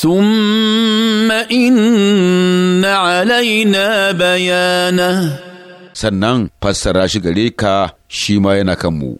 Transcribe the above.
ثم إن علينا بيانه sannan fassara shi gare ka shi yana kanmu.